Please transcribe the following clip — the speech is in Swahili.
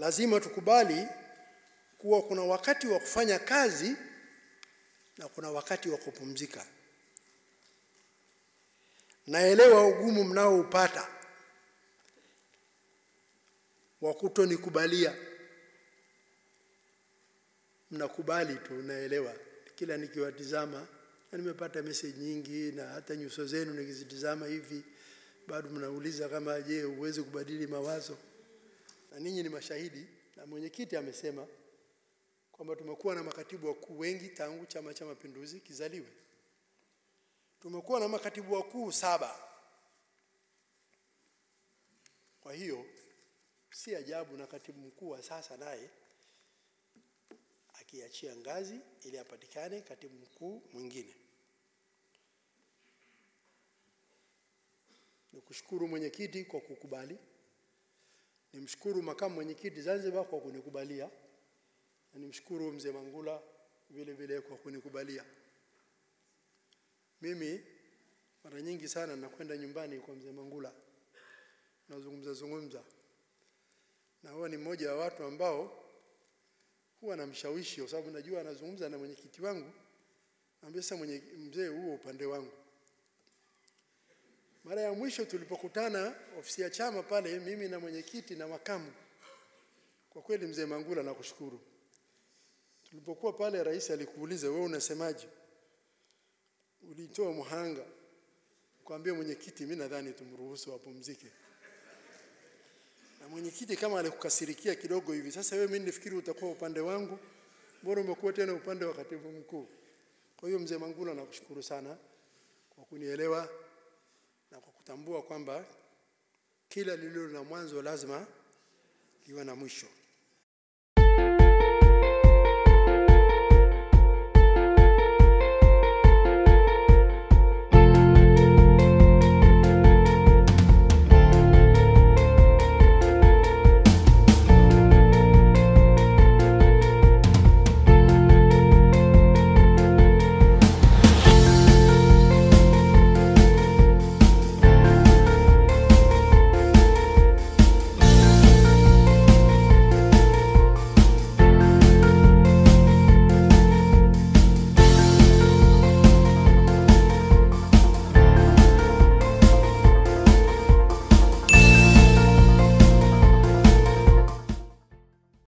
lazima tukubali kuwa kuna wakati wa kufanya kazi na kuna wakati wa kupumzika. Naelewa ugumu mnaoupata wa kutonikubalia. Mnakubali tu, naelewa. Kila nikiwatizama na nimepata message nyingi, na hata nyuso zenu nikizitizama hivi bado mnauliza kama, je, huwezi kubadili mawazo? na ninyi ni mashahidi, na mwenyekiti amesema kwamba tumekuwa na makatibu wakuu wengi tangu Chama cha Mapinduzi kizaliwe. Tumekuwa na makatibu wakuu saba. Kwa hiyo si ajabu na katibu mkuu wa sasa naye akiachia ngazi ili apatikane katibu mkuu mwingine. Nikushukuru mwenyekiti kwa kukubali Nimshukuru makamu mwenyekiti Zanzibar kwa kunikubalia na nimshukuru mzee Mangula vile vile kwa kunikubalia. Mimi mara nyingi sana nakwenda nyumbani kwa mzee Mangula, nazungumza zungumza na huwa ni mmoja wa watu ambao huwa namshawishi, kwa sababu najua anazungumza na mwenyekiti wangu, ambia sasa mwenye mzee, huo upande wangu mara ya mwisho tulipokutana ofisi ya chama pale, mimi na mwenyekiti na makamu, kwa kweli mzee Mangula, nakushukuru. Tulipokuwa pale, rais alikuuliza wewe unasemaje, ulitoa muhanga kuambia mwenyekiti, mimi nadhani tumruhusu apumzike na mwenyekiti kama alikukasirikia kidogo hivi. Sasa wewe, mimi nifikiri utakuwa upande wangu, mbona umekuwa tena upande wa katibu mkuu? Kwa hiyo mzee Mangula, nakushukuru sana kwa kunielewa na kwa kutambua kwamba kila lililo na mwanzo lazima liwe na mwisho.